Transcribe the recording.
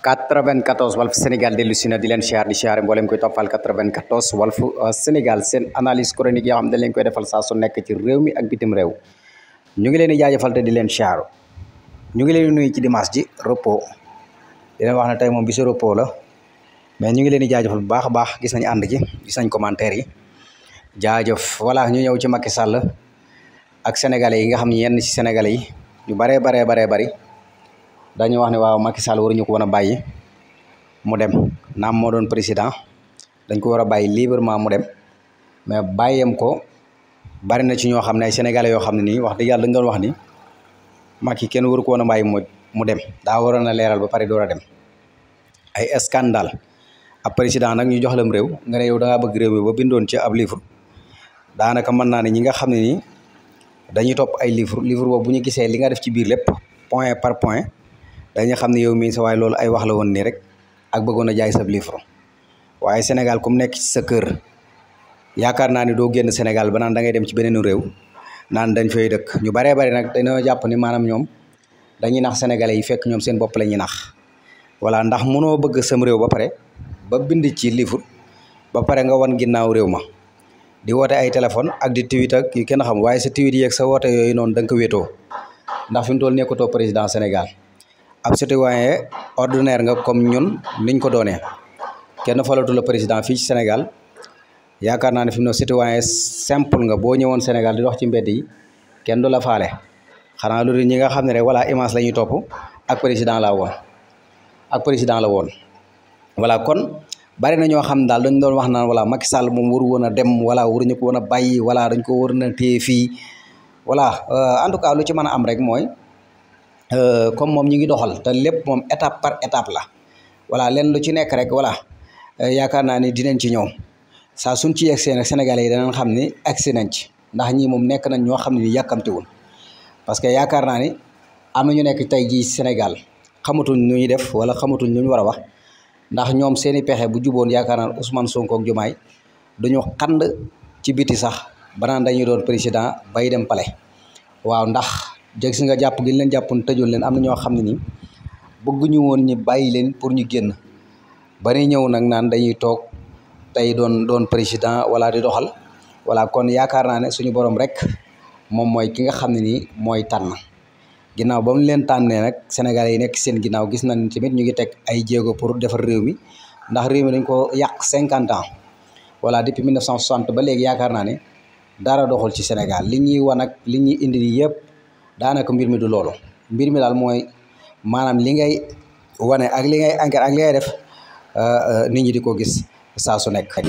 94 Walf Sénégal dellu si na di leen siyaar di siyaare mboolem koy toppal 94 Walf euh, Sénégal seen analyse chronique yoo xam dañ leen koy defal saa su nekk ci réew mi ak bitim réew ñu ngi leen di jaajëfal di leen siyaaru ñu ngi leen nuyu ci dimanche ji repos di wax ne tey moom bisu repos la mais ñu ngi leen di jaajëfal bu baax a baax gis nañ ànd gi gis nañ commentaire yi jaajëf voilà ñu ñëw ci Macky Sall ak sénégale yi nga xam ne yenn ci sénégalais yi ñu baree baree baree bari dañu wax ne waaw Macky Sall ñu ko woon a bàyyi mu dem naam moo doon président dañ ko war a bàyyi librement mu dem mais bàyyam ko bari na ci ñoo xam ne ay sénégalais yoo xam ne nii wax dëgg yàlla dañ wax ni Macky kenn waru ko a bàyyi mu mu dem daa waroon a leeral ba pare door a dem ay scandale ab président nag ñu jox lam réew nga ne yow da ngaa bëgg réew ba bindoon ci ab livre daanaka mën naa ne ñi nga xam ne nii dañuy topp ay livre livre boobu bu ñu gisee li nga def ci biir lépp point par point dañu xam ne yow mii sa waay loolu ay wax la woon nii rek ak bëggoon a jaay sab livre waaye Sénégal ku nekk ci sa kër yaakaar naa ne doo génn Sénégal ba naan da ngay dem ci beneen réew naan dañ fay dëkk ñu baree bari nag dañoo jàpp ni maanaam ñoom dañuy nax sénégalais yi fekk ñoom seen bopp la ñuy nax voilà ndax munoo bëgg sam réew ba pare ba bind ci livre ba pare nga wan ginnaaw réew ma di woote ay téléphone ak di tweet ak kenn xam waaye sa tweet yeeg sa woote yooyu noonu da nga ko wéetoo ndax fi mu nekkutoo président Sénégal ab citoyen ordinaire nga comme ñun niñ ko doonee kenn falatu la président fii ci Sénégal yaakaar naa ne fi mu ne citoyen simple nga boo ñëwoon Sénégal di dox ci mbedd yi kenn du la faale xanaa loolu ñi nga xam ne rek voilà image la ñuy topp ak président la woon ak président la woon voilà kon bari na ñoo xam daal dañ doon wax naan voilà Macky Sall moom waru woon a dem wala waruñu ko woon a bàyyi voilà dañ ko war na téye fii voilà euh, en tout cas lu ci mën a am rek mooy Euh, comme moom ñi ngi doxal te lépp moom étape par étape la voilà leen lu ci nekk rek voilà euh, yaakaar naa ni dinañ ci ñëw saa suñ ci yegsee sénégal sénégalais yi danañ xam ni agsi nañ ci ndax ñii moom nekk nañ ñoo xam ne ni yàkkamtiwul parce que yaakaar naa ni am na ñu nekk tey jii Sénégal xamatuñ nu ñuy def wala xamatuñ lu ñu war a wax ndax ñoom seen i pexe bu juboon yaakaar naa Ousmane Sonko ak Diomaye dañu kand ci biti sax banaan dañuy doon président bay dem palais waaw ndax jeg si nga jàpp gi leen jàppoon tëjoon leen am na ñoo xam ne nii bëgguñu woon ñi bàyyi leen pour ñu génn bari ñëw nag naan dañuy toog tey doon doon président wala di doxal wala kon yaakaar naa ne suñu borom rek moom mooy ki nga xam ne nii mooy tànn ginnaaw ba mu leen tànnee rek Sénégalais yi nekk seen ginnaaw gis nañ tamit ñu ngi teg ay jéego pour defar réew mi ndax réew mi dañ ko yàq cinquante ans voilà depuis 1960 ba léegi yaakaar naa ne daara doxul ci Sénégal li ñuy wan ak li ñuy indi yëpp. daanaka mbir mi du loolo mbir mi daal mooy maanaam li ngay wane ak li ngay enquête ak li ngay def euh, nit ñi di ko gis saa su nekk.